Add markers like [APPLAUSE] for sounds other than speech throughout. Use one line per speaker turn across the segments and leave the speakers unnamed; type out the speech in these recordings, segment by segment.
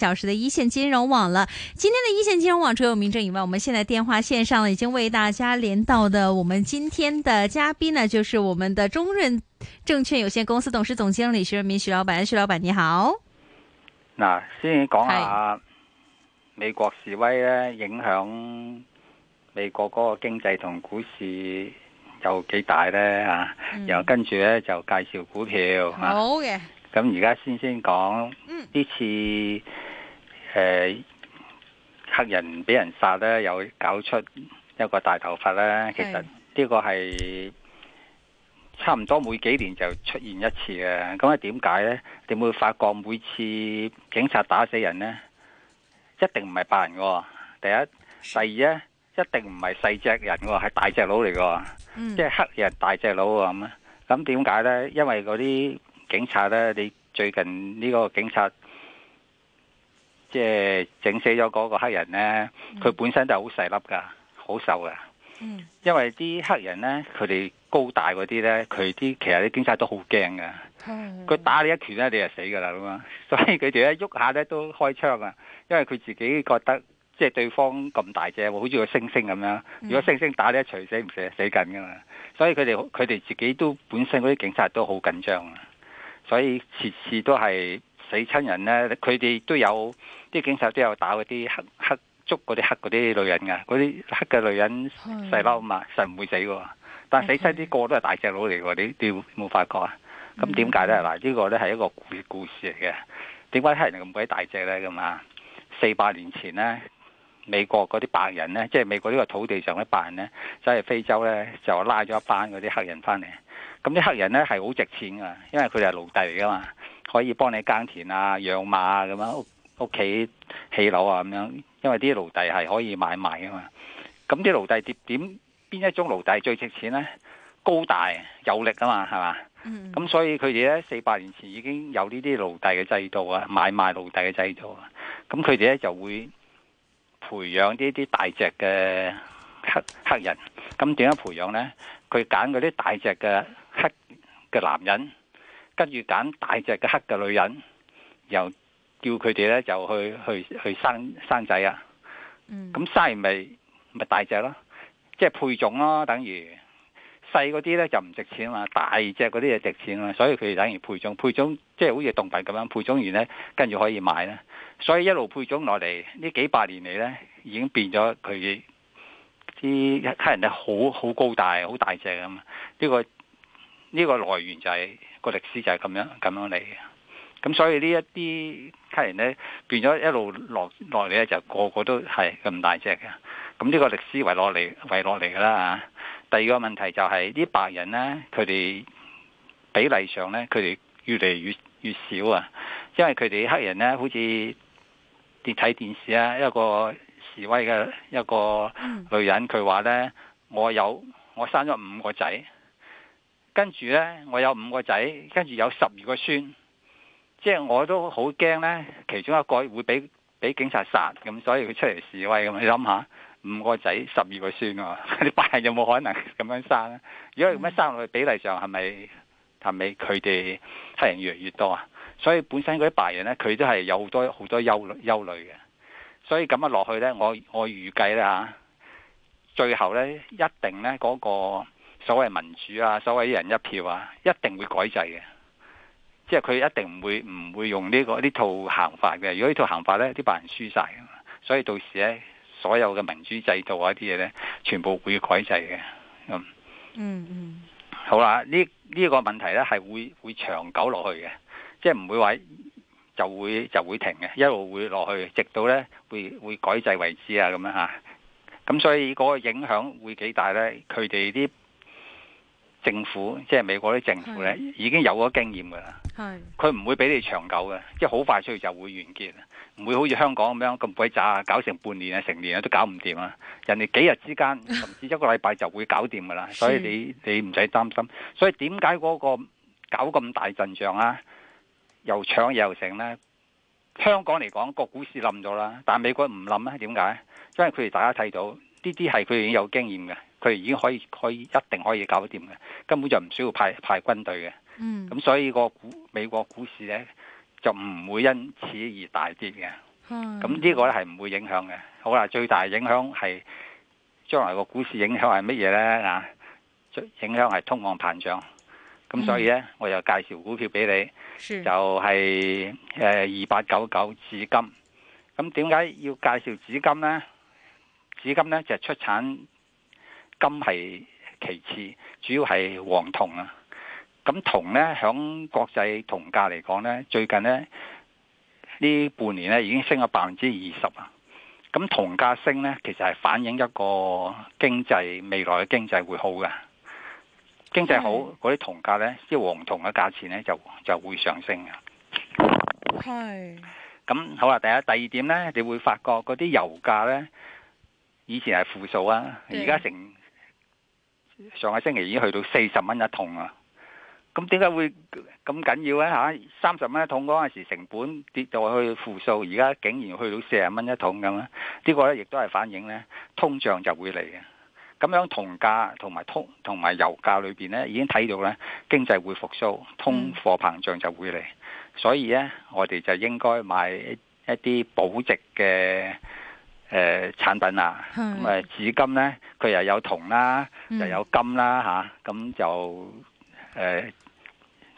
小時的一線金融網了，今天的一線金融網除有名正以外，我們現在電話線上已經為大家連到的，我們今天的嘉賓呢，就是我們的中潤證券有限公司董事總經理徐潤民徐老闆，徐老闆你好。
嗱，先講下美國示威咧，影響美國嗰個經濟同股市有幾大咧然後，又跟住呢，就介紹股票。好嘅。嗯，咁而家先先講呢次。誒、呃，黑人俾人殺咧，又搞出一個大頭佛咧。其實呢個係差唔多每幾年就出現一次嘅。咁啊，點解咧？你會發覺每次警察打死人咧，一定唔係白人嘅、哦。第一，第二咧，一定唔係細隻人嘅、哦，係大隻佬嚟嘅。嗯、即係黑人大隻佬咁。咁點解咧？因為嗰啲警察咧，你最近呢個警察。即係整死咗嗰個黑人呢，佢、嗯、本身就好細粒噶，好瘦噶。嗯、因為啲黑人呢，佢哋高大嗰啲呢，佢啲其實啲警察都好驚噶。佢、嗯、打你一拳呢，你就死噶啦嘛。所以佢哋一喐下呢都開槍啊，因為佢自己覺得即係、就是、對方咁大隻，好似個猩猩咁樣。嗯、如果猩猩打你一錘，死唔死？死緊噶嘛。所以佢哋佢哋自己都本身嗰啲警察都好緊張啊，所以次次都係。死親人咧，佢哋都有啲警察都有打嗰啲黑黑捉嗰啲黑嗰啲女人噶，嗰啲黑嘅女人細胞嘛，實唔的會死噶。但係死親啲個都係大隻佬嚟噶，你你冇發覺啊？咁點解咧？嗱的，呢個咧係一個故故事嚟嘅。點解黑人咁鬼大隻咧？咁啊，四百年前咧，美國嗰啲白人咧，即係美國呢個土地上啲白人咧，就係非洲咧就拉咗一班嗰啲黑人翻嚟。咁啲黑人咧係好值錢噶，因為佢哋係奴隸嚟噶嘛。可以幫你耕田啊、養馬啊，咁樣屋屋企起樓啊咁樣，因為啲奴隸係可以買賣㗎嘛。咁啲奴隸點點邊一種奴隸最值錢呢？高大有力啊嘛，係嘛？咁所以佢哋咧四百年前已經有呢啲奴隸嘅制度啊，買賣奴隸嘅制度啊。咁佢哋咧就會培養呢啲大隻嘅黑黑人。咁點樣培養呢？佢揀嗰啲大隻嘅黑嘅男人。跟住揀大隻嘅黑嘅女人，又叫佢哋咧就去去去生生仔啊。咁、嗯、生完咪咪大隻咯，即係配種咯，等於細嗰啲咧就唔值錢啊，大隻嗰啲就值錢啊。所以佢哋等於配種，配種即係好似動物咁樣配種完咧，跟住可以賣啦。所以一路配種落嚟，呢幾百年嚟咧已經變咗佢啲黑人咧好好高大、好大隻咁啊。呢、呢個呢、呢個來源就係、是。個歷史就係咁樣咁樣嚟嘅，咁所以呢一啲黑人呢，變咗一路落落嚟咧就個個都係咁大隻嘅，咁呢個歷史圍落嚟圍落嚟噶啦。第二個問題就係、是、啲白人呢，佢哋比例上呢，佢哋越嚟越越少啊，因為佢哋黑人呢，好似睇電視啊，一個示威嘅一個女人佢話、嗯、呢：「我有我生咗五個仔。跟住呢，我有五個仔，跟住有十二個孫，即係我都好驚呢，其中一個會俾俾警察殺，咁所以佢出嚟示威咁。你諗下，五個仔十二個孫啊，啲白人有冇可能咁樣生呢？如果咁樣生落去比例上係咪係咪佢哋黑人越嚟越多啊？所以本身嗰啲白人呢，佢都係有好多好多憂慮憂慮嘅。所以咁啊落去呢，我我預計咧、啊、最後呢，一定呢嗰、嗰個。所謂民主啊，所謂一人一票啊，一定會改制嘅，即係佢一定唔會唔會用呢個呢套行法嘅。如果呢套行法呢，啲白人輸晒，所以到時呢，所有嘅民主制度啊啲嘢呢，全部會改制嘅。咁嗯嗯，嗯好啦，呢呢個問題呢，係會會長久落去嘅，即係唔會話就會就會停嘅，一路會落去，直到呢會會改制為止啊咁樣嚇。咁所以嗰個影響會幾大呢？佢哋啲政府即係美國啲政府咧，已經有咗經驗噶啦，佢唔會俾你長久嘅，即係好快出去就會完結，唔會好似香港咁樣咁鬼炸，搞成半年啊、成年啊都搞唔掂啊，人哋幾日之間甚至一個禮拜就會搞掂噶啦，所以你你唔使擔心。所以點解嗰個搞咁大陣仗啊，又搶又成咧？香港嚟講個股市冧咗啦，但係美國唔冧咧，點解？因為佢哋大家睇到呢啲係佢哋已經有經驗嘅。佢已經可以可以一定可以搞掂嘅，根本就唔需要派派軍隊嘅。嗯，咁所以個股美國股市咧就唔會因此而大跌嘅。咁呢、嗯、個咧係唔會影響嘅。好啦，最大影響係將來個股市影響係乜嘢咧？啊，影響係通膨膨脹。咁所以咧，嗯、我又介紹股票俾你，是就係誒二八九九紫金。咁點解要介紹紫金咧？紫金咧就係出產。金係其次，主要係黃銅啊。咁銅咧，響國際銅價嚟講咧，最近咧呢半年咧已經升咗百分之二十啊。咁銅價升咧，其實係反映一個經濟未來嘅經濟會好嘅。經濟好，嗰啲的銅價咧，即係黃銅嘅價錢咧，就就會上升啊。係的。咁好啦，第一、第二點咧，你會發覺嗰啲油價咧，以前係負數啊，而家的成。上個星期已經去到四十蚊一桶啊！咁點解會咁緊要呢？嚇？三十蚊一桶嗰陣時成本跌到去負數，而家竟然去到四十蚊一桶咁咧，呢、呢個呢亦都係反映呢通脹就會嚟嘅。咁樣銅價同埋通同埋油價裏邊呢已經睇到呢經濟會復甦，通貨膨脹就會嚟，所以呢，我哋就應該買一啲保值嘅。誒、呃、產品啊，咁啊紫金咧，佢又有銅啦，嗯、又有金啦嚇，咁、啊、就誒穩、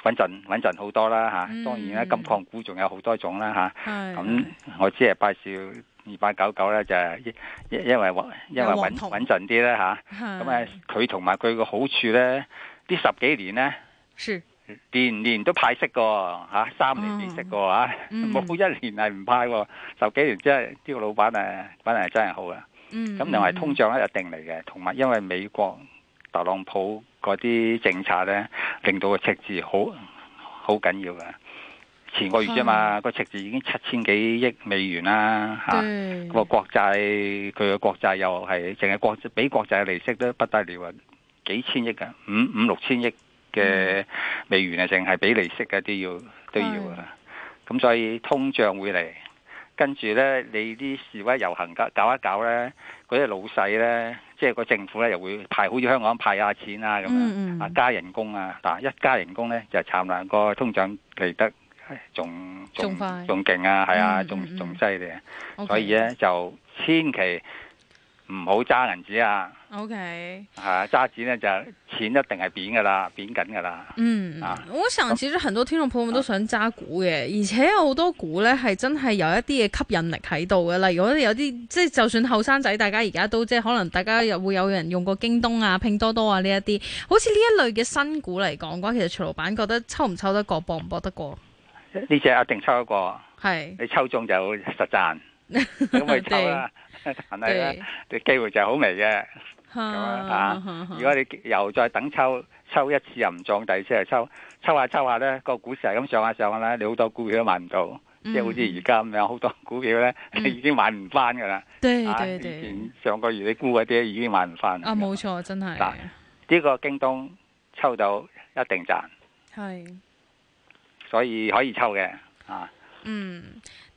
呃、陣穩陣好多啦嚇、啊。當然啦，金礦股仲有好多種啦嚇。咁、啊的嗯、我只係介紹二八九九咧，就係因為穩因為穩穩陣啲啦嚇。咁啊，佢同埋佢個好處咧，呢十幾年咧。的年年都派息嘅吓、啊，三年派息嘅吓，冇、啊嗯、一年係唔派。十幾年真係，呢、這個老闆啊，闆真係真係好嘅。咁另外通脹咧、啊、一定嚟嘅，同埋因為美國特朗普嗰啲政策咧，令到個赤字好好緊要嘅。
前個月啫嘛，
個赤字已經七千幾億美元啦吓。個、啊嗯、國債佢嘅國債又係淨係國俾國債利息都不得了啊，幾千億啊，五五六千億。嘅美元啊，淨係俾利息嘅都要都要啊，咁是 所以通脹會嚟，跟住咧你啲示威遊行搞，搞一搞咧，嗰、那、啲、個、老細咧，即係個政府咧又會派好似香港派下錢啊咁樣啊、嗯嗯、加人工啊，嗱一加人工咧、啊、就慘喇，個通脹嚟得仲仲快仲勁啊，係啊仲仲犀利啊，
所以咧 okay
就千祈。.唔好揸銀紙啊！OK，係啊，揸錢咧就錢一定係貶噶啦，貶緊噶啦。嗯，啊、我
常常行到都想其實、啊、很多聽眾朋友都想揸股嘅，而且有好多股咧係真係有一啲嘅吸引力喺度嘅。例如我哋有啲即係，就算後生仔，大家而家都即係可能大家又會有人用過京東啊、拼多多啊呢一啲，好似呢一類嘅新股嚟講嘅話，其實徐老闆覺得抽唔抽得過，搏唔搏得過？
呢隻一定抽得過，係是你抽中就實賺，
因為 [LAUGHS] 抽啦、啊。
但係你啲機會就係好微嘅，
咁、啊、如
果你又再等抽抽一次又唔中，第二次又抽抽下抽下咧，個股市係咁上下上下，啦，你多好多股票都買唔到，即係好似而家咁樣，好多股票咧已經買唔翻嘅啦。對對對，上個月你沽嗰啲已經買唔翻。啊，
冇錯，真係。呢、啊
呢個京東抽到一定賺。係。所以可以抽嘅
啊。嗯。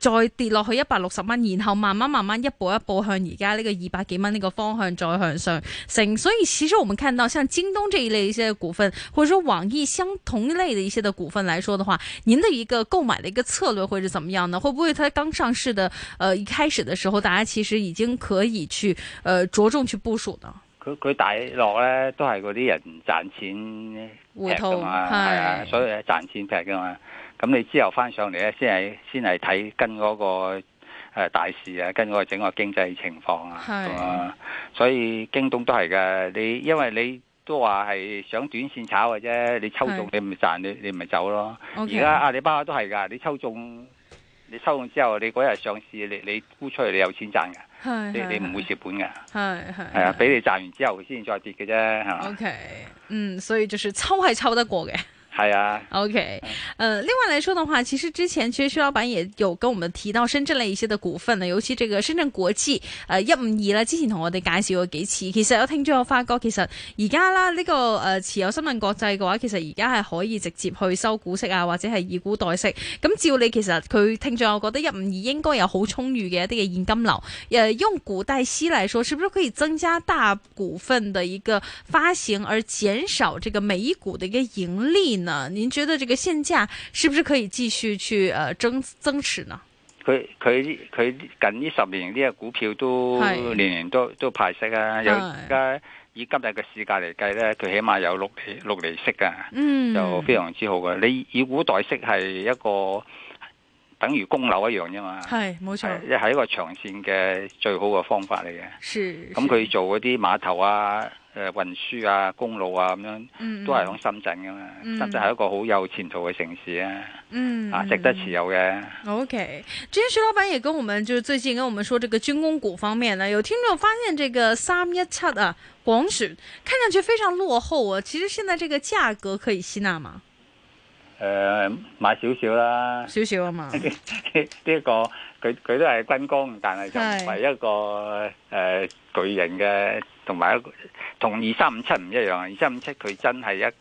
再跌落去一百六十蚊，然後慢慢慢慢一步一步向而家呢個二百幾蚊呢個方向再向上升，所以其實我們看到像京東這一類一些股份，或者說網易相同類的一些的股份來說的話，您的一個購買的一個策略，會是怎麼樣呢？會不會它剛上市的，呃，一開始的時候，大家其實已經可以去，呃，着重去部署呢？
佢佢大落咧，都係嗰啲人賺錢
劈㗎嘛，啊涂的，
所以賺錢平㗎嘛。咁你之後翻上嚟咧，先係先係睇跟嗰、嗰個、呃、大市啊，跟嗰個整個經濟情況啊，的呃、所以京東都係嘅。你因為你都話係想短線炒嘅啫，你抽中你咪賺，的你你咪走咯。
而家阿
里巴巴都係噶，你抽中你抽中之後，你嗰日上市，你你沽出嚟，你有錢賺嘅的的，你你唔會蝕本嘅。係係係啊，俾你賺完之後先再跌嘅啫，係嘛？O K，
嗯，所以就算抽係抽得過嘅。係啊，OK，誒、uh,，另外嚟說的話，其實之前其實薛老闆也有跟我們提到深圳類一些的股份呢，尤其這個深圳國際，誒，一五二啦，2, 之前同我哋介紹過幾次。其實我聽眾，我發覺其實而家啦，呢、這個誒、呃、持有深圳國際嘅話，其實而家係可以直接去收股息啊，或者係以股代息。咁照理，其實佢聽眾，我覺得一五二應該有好充裕嘅一啲嘅現金流，誒、呃、用股代息嚟說，是不是可以增加大股份嘅一個發行，而減少這個每股的一個盈利呢？啊，您覺得這個現價是不是可以繼續去，呃，增增持呢？
佢佢佢近呢十年呢、呢個股票都是年年都都派息啊，是又而家以今日嘅市價嚟計咧，佢起碼有六厘六厘息噶，就非常之好噶。嗯、你以股代息係一個。等於供樓一樣啫嘛，
係冇錯，一
係一個長線嘅最好嘅方法嚟嘅。 [LAUGHS]
是，咁佢、嗯、
做嗰啲碼頭啊、誒、呃、運輸啊、公路啊咁樣，都係喺深圳噶嘛。實在係一個好有前途嘅城市啊，
嗯、啊，啊值
得持有嘅。
[LAUGHS] OK，之前徐老闆也跟我們，就是最近跟我們說，這個軍工股方面咧，有聽眾發現這個三一七啊，廣船，看上去非常落後啊。其實現在這個價格可以吸納嗎？
誒、呃、買少少啦，少少啊嘛。呢一個佢佢都係軍工，但係就唔係一個誒巨型嘅，同埋一個同二三五七唔一樣。二三五七佢真係一。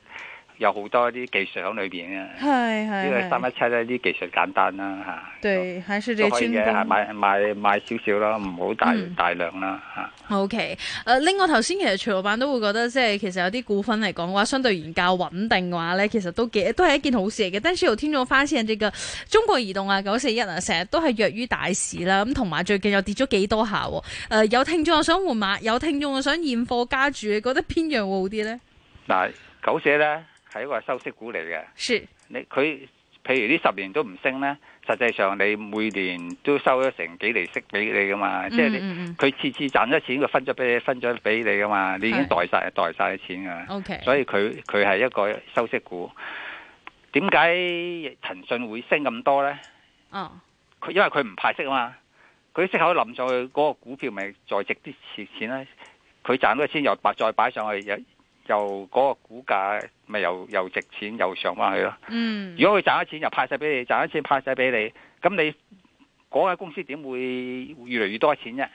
有好多啲技術喺裏邊
啊， [NOISE] [NOISE] 個呢個三一
七咧啲技術簡單啦、啊、嚇 [NOISE] 。
對，還都是啲均價，買
買買少少咯，唔好大、嗯、大量啦、啊、
嚇。OK，誒、啊，另外頭先其實徐老闆都會覺得即係其實有啲股份嚟講嘅話，相對而言較穩定嘅話咧，其實都幾都係一件好事嚟嘅。但係有聽眾發現人哋嘅中國移動啊、九四一啊，成日都係弱於大市啦。咁同埋最近又跌咗幾多下、啊。誒、啊，有聽眾想換馬，有聽眾想現貨加注，你覺得邊樣會好啲咧？
嗱、嗯，九四一咧。係一個收息股嚟嘅。是你佢譬如呢十年都唔升呢，實際上你每年都收咗成幾厘息俾你噶嘛，嗯嗯即係你佢次次賺咗錢，佢分咗俾你，分咗俾你噶嘛，你已經代晒是代晒錢噶啦。Okay 所以佢佢係一個收息股。點解騰訊會升咁多呢？哦、因為佢唔派息啊嘛，佢息口冧上去，嗰、那個股票咪再值啲錢咧？佢賺咗錢又再擺上去又嗰個股價咪又又值錢又上翻去咯。嗯，如果佢賺咗錢又派曬俾你，賺咗錢派曬俾你，咁你嗰間公司點會越嚟越多錢啫？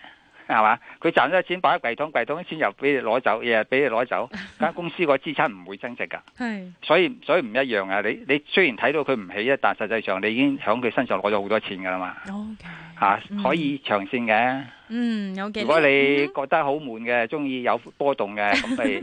係嘛？佢賺咗錢擺喺櫃桶，櫃桶啲錢又俾你攞走，日日俾你攞走，間公司個資產唔會增值㗎。係，所以所以唔一樣啊！你你雖然睇到佢唔起啫，但實際上你已經喺佢身上攞咗好多錢㗎啦嘛。O K，吓可以長線嘅。嗯，
有幾？如果你
覺得好悶嘅，中意有波動嘅咁咪。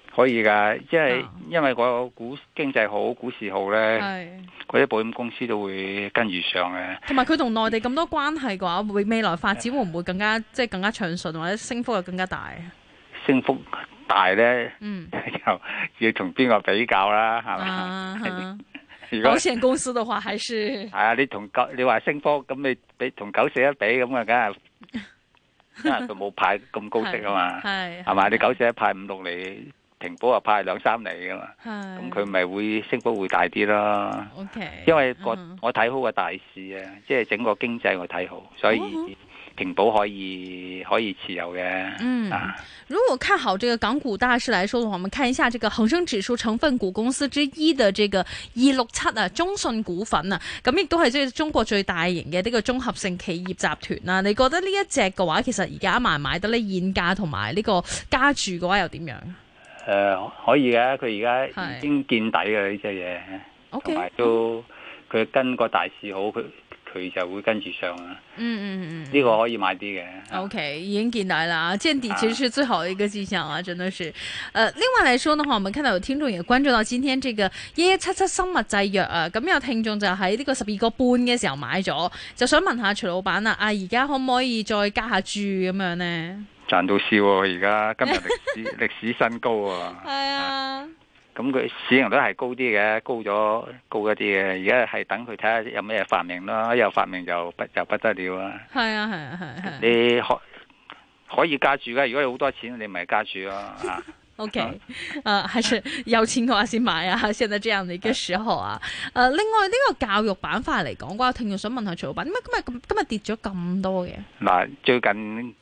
可以噶，因為因為個股經濟好，股市好咧，嗰啲保險公司都會跟住上嘅。
同埋佢同內地咁多關係嘅話，未未來發展會唔會更加即係更加暢順，或者升幅又更加大？
升幅大咧，嗯，又要同邊個比較啦，係咪？如果保險
公司嘅話還是
係啊？你同九你話升幅咁你比同九四一比咁啊，梗係，因為佢冇派咁高息啊嘛，
係嘛？你
九四一派五六厘。平保啊，派兩三厘噶嘛，咁佢咪會升幅會大啲咯。OK，因為個我睇好個大市啊，即係、嗯、整個經濟我睇好，所以平保可以可以持有嘅。嗯，啊、
如果看好這個港股大市嚟說嘅話，我們看一下這個恒生指數成分股公司之一的這個二六七啊，中信股份啊，咁亦都係即係中國最大型嘅呢個綜合性企業集團嗱、啊。你覺得呢一隻嘅話，其實而家買唔買得呢現價同埋呢個加注嘅話又點樣？
誒、呃，可以嘅，佢而家已經見底嘅呢隻嘢，同埋都佢跟個大市好，佢佢就會跟住上啊。嗯嗯嗯，呢個可以買啲嘅。O、
okay, K，已經見底啦，即係其實是最好一個跡象啊，真的是。誒、呃，另外來說嘅話，我們看到聽眾也關注到聽眾嘅觀眾，我今天呢個一一七七生物製藥啊，咁有聽眾就喺呢個十二個半嘅時候買咗，就想問下徐老闆啦、啊，啊而家可唔可以再加下注咁樣呢？」
賺到笑，而家今日歷史歷史新高啊！係啊，咁佢市盈率係高啲嘅，高咗高一啲嘅。而家係等佢睇下有咩發明咯，有發明就不就不得了啦！係啊
係啊係啊！
你可可以加注嘅，如果有好多錢，你咪加注咯。啊
，OK，啊，還是有錢嘅話先買啊！喺現在這樣嘅時候啊，誒，另外呢個教育板塊嚟講嘅話，聽眾想問下徐老闆，點解今日今日跌咗咁多嘅？
嗱，最近。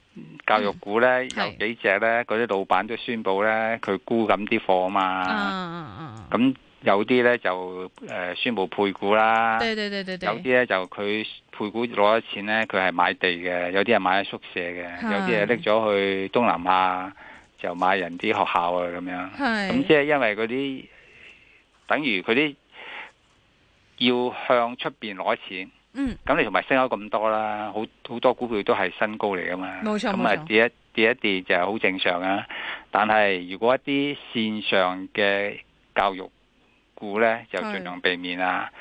教育股咧、嗯、有幾隻咧，嗰啲是老闆都宣布咧，佢沽緊啲貨嘛。咁、啊、有啲咧就誒、呃、宣布配股啦，對對對對對，有啲咧就佢配股攞錢咧，佢係買地嘅，有啲係買喺宿舍嘅，是有啲係拎咗去東南亞，就買人啲學校啊咁樣。咁是即係因為嗰啲等於佢啲要向出邊攞錢。嗯，咁你同埋升咗咁多啦，好好多股票都係新高嚟㗎嘛。咁啊冇錯，跌一跌一跌就係好正常啊。但係如果一啲綫上嘅教育股咧，就盡量避免啊，係。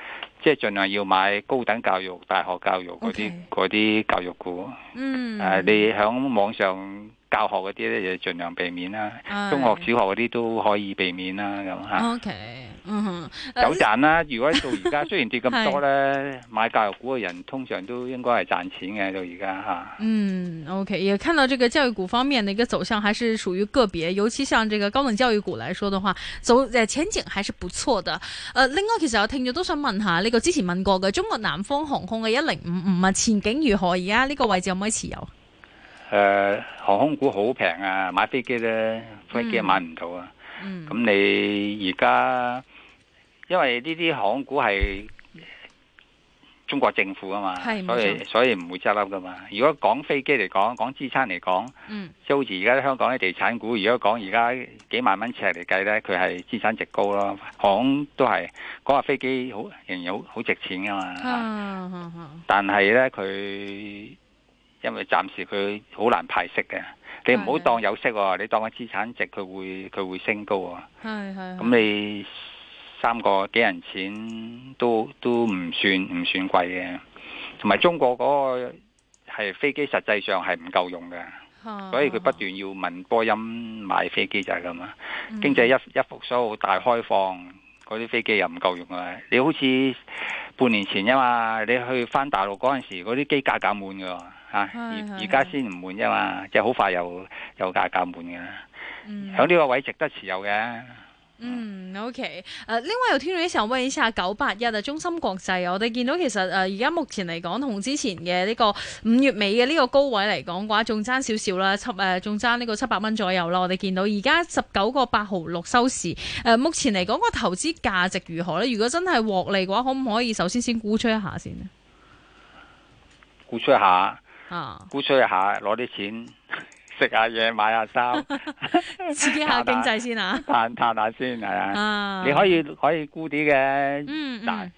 即係盡量要買高等教育、大學教育嗰啲啲教育股。嗯，誒、啊，你響網上。教學嗰啲咧，就盡量避免啦。哎、中學、小學嗰啲都可以避免啦，咁吓、哎。樣 o、
okay, K，嗯，有賺
賺啦。呃、如果到而家，雖然跌咁多咧， [LAUGHS] 是買教育股嘅人通常都應該係賺錢嘅。到而家吓。
啊、嗯，O、okay, K，也看到這個教育股方面嘅一個走向，還是屬於個別。尤其像這個高等教育股來說嘅話，走誒前景還是不錯的。誒、呃，另外其實我聽咗都想問下，呢個之前問過嘅中國南方航空嘅一零五五啊，前景如何？而家呢個位置可唔可以持有？
誒，uh, 航空股好平啊！買飛機咧，飛機買唔到啊！咁、嗯嗯、你而家，因為呢啲航空股係中國政府啊嘛，是所以錯所以唔會執笠噶嘛。如果講飛機嚟講，講資產嚟講，即係、嗯、好似而家香港啲地產股，如果講而家幾萬蚊尺嚟計咧，佢係資產值高咯。航空都係，講話飛機好，仍然好好值錢噶嘛。
但
係咧，佢。因為暫時佢好難派息嘅，你唔好當有息喎、喔，你當個資產值佢會佢會升高啊、喔。咁是、嗯、你三個幾人錢都都唔算唔算貴嘅，同埋中國嗰個係飛機實際上係唔夠用嘅，是是是所以佢不斷要問波音買飛機就係咁啊。是是是是經濟一一復甦大開放，嗰啲飛機又唔夠用啊！你好似半年前啊嘛，你去返大陸嗰陣時，嗰啲機架架滿嘅。吓、啊、而家先唔滿啫嘛，是是是即係好快又，嗯、有價減滿嘅啦。喺呢，嗯、個位值得持有嘅。嗯，
嗯，OK。誒，呃，另外又聽到嘅時候，我哋想問一下九八一啊，中芯國際啊，我哋見到其實誒而家目前嚟講，同之前嘅呢個五月尾嘅呢個高位嚟講嘅話，仲爭少少啦，七誒仲爭呢個七百蚊左右啦。我哋見到而家十九個八毫六收市。誒，呃，目前嚟講個投資價值如何咧？如果真係獲利嘅話，可唔可以首先先沽出一下先？
沽出一下。啊，估出下攞啲錢，食下嘢，買下衫，
刺激下經濟先吓，
嘆嘆下先係啊！你可以可以估啲嘅，
但係、嗯
嗯、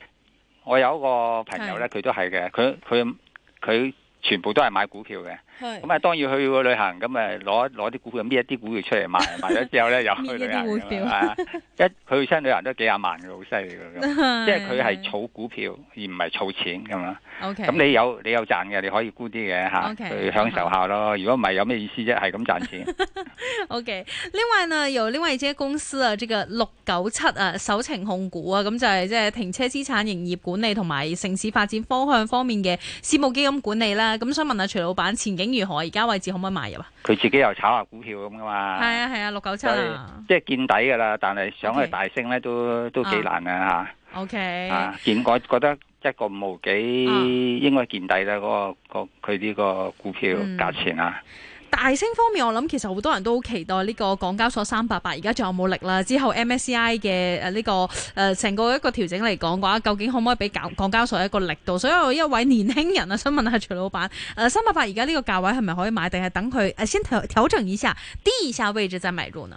我有一個朋友咧，佢都係嘅，佢佢佢。全部都係買股票嘅，咁啊是當然要去旅行，咁啊攞攞啲股票搣一啲股票出嚟賣，賣咗之後咧又去旅行，係啊 [LAUGHS] 一去親旅行都幾廿萬嘅，好犀利嘅， [LAUGHS] 即係佢係儲股票而唔係儲錢咁啊。O
K. 咁你有
你有賺嘅，你可以沽啲嘅吓，Okay. 去享受下咯。如果唔係，有咩意思啫？係咁賺錢。
[LAUGHS] o、okay. K. 另外呢，由另外一公司啊，即係六九七啊，首程控股啊，咁就係即係停車資產、營業管理同埋城市發展方向方面嘅私募基金管理啦。咁、啊嗯啊嗯啊、想問下、啊、徐老闆前景如何？而家位置可唔可以買入啊？
佢自己又炒下股票咁噶嘛？係啊係啊，六九七即係見底噶啦，但係想去大升咧都都幾難嘅、啊、吓。
啊、o、okay, K，、啊、見
我覺得一個五毫幾應該見底啦，嗰個個佢呢個股票價錢啊。嗯
大升方面，我諗其實好多人都好期待呢、這個港交所三百八，而家仲有冇力啦？之後 MSCI 嘅誒、這、呢個誒成、呃、個一個調整嚟講嘅話，究竟可唔可以俾港港交所一個力度？所以我有一位年輕人啊，想問下徐老闆，誒三百八而家呢個價位係咪可以買，定係等佢誒、呃、先調調整一下，跌一下位置再買入呢？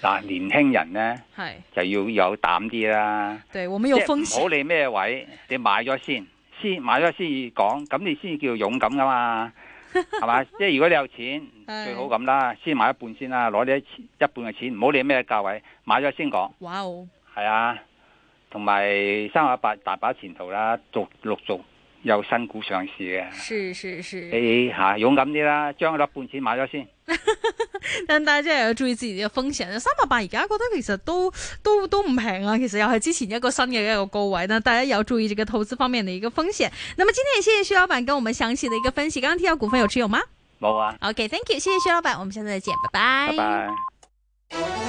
嗱，年輕人呢，係是就要有膽啲啦。
對會唔會有風險，唔好
理你咩位，你買咗先，先買咗先講，咁你先叫勇敢噶嘛。係嘛？即係如果你有錢，
最好咁
啦，先買一半先啦，攞你錢，一半嘅錢，唔好理咩價位，買咗先講。
哇係 Wow.
啊，同埋三廿八大把前途啦，逐陸續。有新股上市嘅，是，
是，是，是、哎，
係、啊、吓，勇敢啲啦，將嗰粒半錢買咗先。
[LAUGHS] 但大家真係要注意自己嘅風險。三百八而家覺得其實都都都唔平啊，其實又係之前一個新嘅一個高位。但大家有注意呢個投資方面嘅一個風險。那麼今天也謝謝徐老闆跟我們詳細嘅一個分析。剛剛提到股份有持有嗎？冇啊。OK，Thank、okay, you，謝謝徐老闆，我們下次再見，拜拜。
拜
拜。